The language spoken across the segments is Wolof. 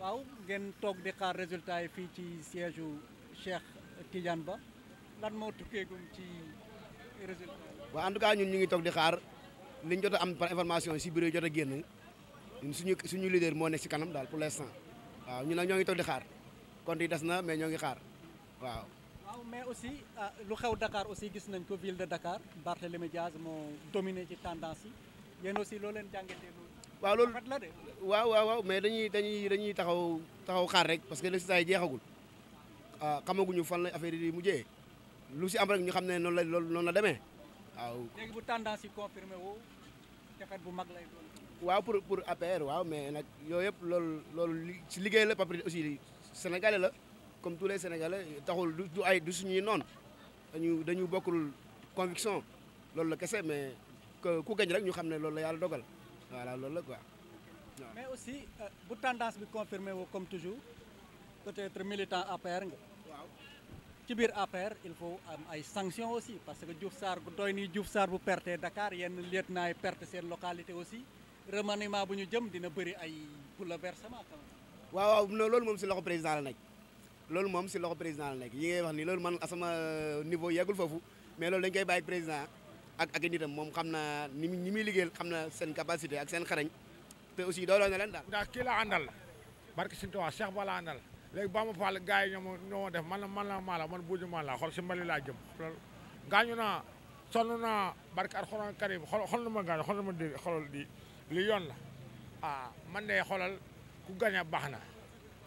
waaw ngeen toog di xaar résultat yi fii ci siège u Cheikh Tidiane Ba lan moo tukkeegum ci résultat waaw en tout cas ñun ñu ngi toog di xaar liñ jot a am par information si bureau yi jot génn ñun suñu suñu leader moo nekk si kanam daal pour l'instant waaw ñu nag ñoo ngi toog di xaar kon yi des na mais ñoo ngi xaar waaw mais aussi euh, lu xew Dakar aussi gis nañ ko ville de Dakar Barthélémy Diaz moo dominé ci tendance yi yéen aussi loo leen jàngatee waaw loolu waaw waaw waaw mais dañuy dañuy dañuy taxaw taxaw xaar rek parce que résultat yi jeexagul ah xamaguñu fan la affaire yi mujjee lu si am rek ñu xam ne noonu la loolu noonu demee waaw. bu tendance yi confirmé woo bu mag lay waaw pour pour APR waaw mais nag yooyu yëpp loolu loolu ci liggéey la papri aussi sénégalais la comme tous les sénégalais taxul du ay du suñuy noonu dañu dañu bokkul conviction loolu la kese mais ku gañ rek ñu xam ne loolu la yàlla dogal. voilà loolu la quoi waa mais aussi euh, bu tendance bi confirmé woo comme toujours peut-être militant APR nga. ci biir APR il faut am ay sanctions aussi parce que Diouf Sarr bu doy nii Diouf Sarr bu perte Dakar yenn lieutenant yi perte seen localité aussi remaniement bu ñu jëm dina bëri ay bouleversement. waaw waaw loolu moom si loxo président la nekk loolu moom si loxo président la nekk yi ngay wax ni loolu man sama euh, niveau yeggul foofu mais loolu dañ koy bàyyi président. ak ak nitam moom xam na ni muy ni muy liggéeyal xam na seen capacité ak seen xarañ te aussi dooloo na leen daal. ndax kii la àndal barke Sëñ Tuubaa Cheikh Ba la àndal léegi Bamba Fall gars yi ñoo ñoo def man la man la maa la man buuju maa la xool si mbali laa jëm. loolu gaañu naa sonn naa barke Alxuraan Karim xool xool na ma gaañu xool na ma dégg xoolal di li yoon la ah man de xoolal ku gaña baax na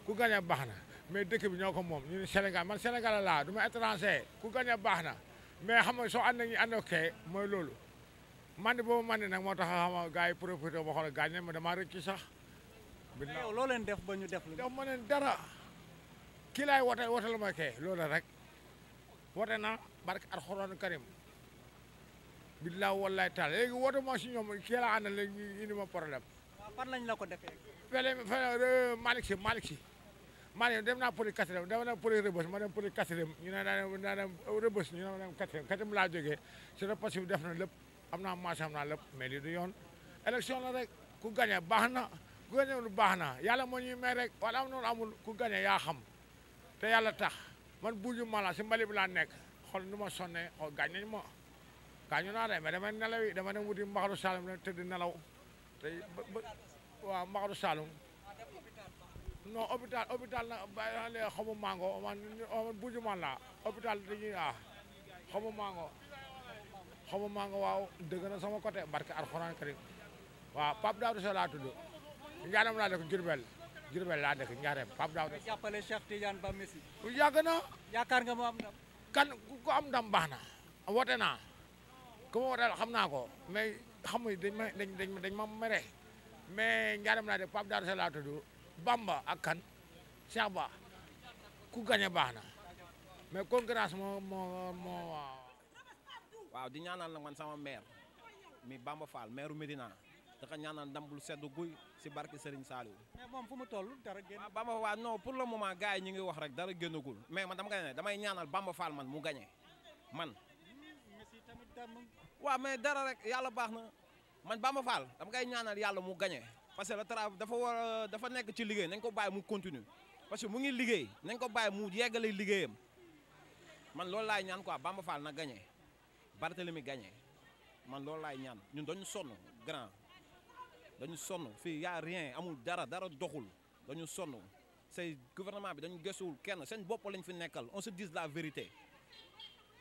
ku gaña baax na mais dëkk bi ñoo ko moom ñu ne Sénégal man Sénégal laa du ma étranger ku gaña baax na. mais xam nga soo ànd ak ñi ànd kee mooy loolu man de boobu man de nag moo tax xam nga gars yi profité ma xool gaañ ne ma damaa rëcc sax. bi yow loo leen def ba ñu def lu. def ma leen dara kii laay wote wote la ma kee loolu rek wote na barke alxuraan karim billaahi wallaahi taala léegi woote moo si ñoom kii laa àndal léegi indi ma problème. waaw fan lañ la ko defee. fële euh, Malick si maa dem naa pour quatrième dama dem pour rëbës ma dem pour quatrième ñu ne naa dem naa dem rëbës ñu ne ma dem quatrième quatrième laa jógee c'est le possible def na lépp am naa marché am naa lépp mais lii du yoon élection la rek ku gagné baax na ku gagné lu baax na yàlla moo ñuy may rek wala am noonu amul ku gagné yaa xam te yàlla tax man buuju mala si mbali bi laa nekk xool nu ma sonnee xool oh, gaañ ma gaañu naa de me damay nelaw yi dama dem wuti mbaxalu Saalum dem tëdd nelaw te waaw mbaxalu non hôpital hôpital nag bàyyi naa xamu mango man buju man la hôpital dañuy ah xamu mango waaw dëgg na sama côté barke alxuraan karim waaw Pape Daouda Sow laa tudd njaaram laa dëkk Jurbel Jurbel laa dëkk njaaram Pape Daouda Sow jàppale Cheikh na yaakaar nga kan ku am ndam baax na wote naa ku ma woteel xam naa ko mais xamuy dañ ma ma mere mais njaaram laa dëkk Pape Daouda Sow laa Bamba ak kan Cheikh Ba ku gañe baax na mais concurrence moo moo moo waaw di ñaanal nag man sama maire mi Bamba Fall maire Médina dafa ñaanal ndam lu sedd guy si barke Serigne Saliou. mais moom fu mu toll dara génn. waaw Bamba Fall non pour le moment gars yi ñu ngi wax rek dara génnagul mais man dama koy damay ñaanal Bamba Fall man mu gañe man. waaw mais dara rek yàlla baax na man Bamba Fall dama koy ñaanal yàlla mu gañe parce que le dafa war a dafa nekk ci liggéey nañ ko bàyyi mu continue parce que mu ngi liggéey nañ ko bàyyi mu yeggale liggéeyam man loolu laay ñaan quoi Bamba Fall na gagné Barthélemy gagné man loolu laay ñaan ñun dañu sonn grand dañu sonn fii y rien amul dara dara doxul dañu sonn se gouvernement bi dañu gëstuwul kenn seen bopp lañ fi nekkal on se dise la vérité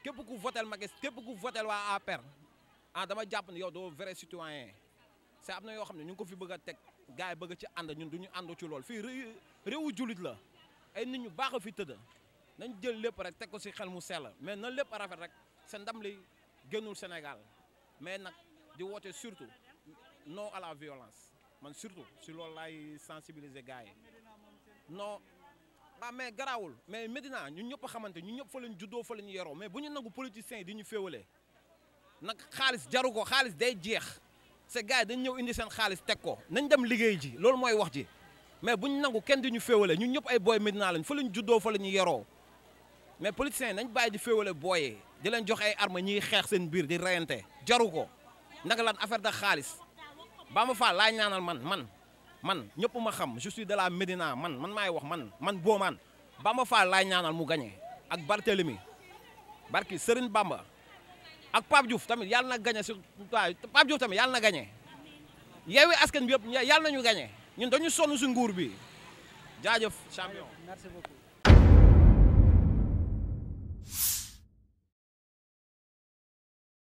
képp ku votel Macky képp ku votel waa APR a ah dama jàpp ne yow doo vrai citoyen c'est am na yoo xam ne ñu ngi ko fi bëgg a teg gars yi bëgg ci ànd ñun du ñu ànd ci lool fii réewu julit la ay nit ñu baax a fi tëdd nañ jël lépp rek teg ko si xel mu sell mais na lépp rafet rek sa ndam li génnul Sénégal mais nag di woote surtout no à la violence man surtout si loolu laay sensibiliser gars yi non ah mais garawul mais Médina ñun ñëpp xamante ñun ñëpp fa lañ juddoo fa lañ yoroo mais bu ñu nangu politiciens yi di ñu féewalee nag xaalis jaru ko xaalis day jeex. c'est gars yi dañ ñëw indi seen xaalis teg ko nañ dem liggéey ji loolu mooy wax ji mais buñ nangu kenn di ñu féewale ñun ñëpp ay booy Médina lañ fa lañ juddoo fa la ñu yeroo mais politiciens nañ bàyyi di féewale booyee di leen jox ay armes ñiy xeex seen biir di reyante jaru ko naka lan affaire de xaalis Bamba faa laay ñaanal man man man ñëpp ma xam je suis de la Médina man man maay wax man man boo boomaan Bamba faa laay ñaanal mu gagné ak Barthélemy barki Serigne Bamba ak Pape Diouf tamit yàlla na gagné surtout waaw Pape tamit yàlla na gañe yeewi askan bi yëpp yàlla nañu gagné ñun dañu sonn si nguur bi jaajëf champion merci beaucoup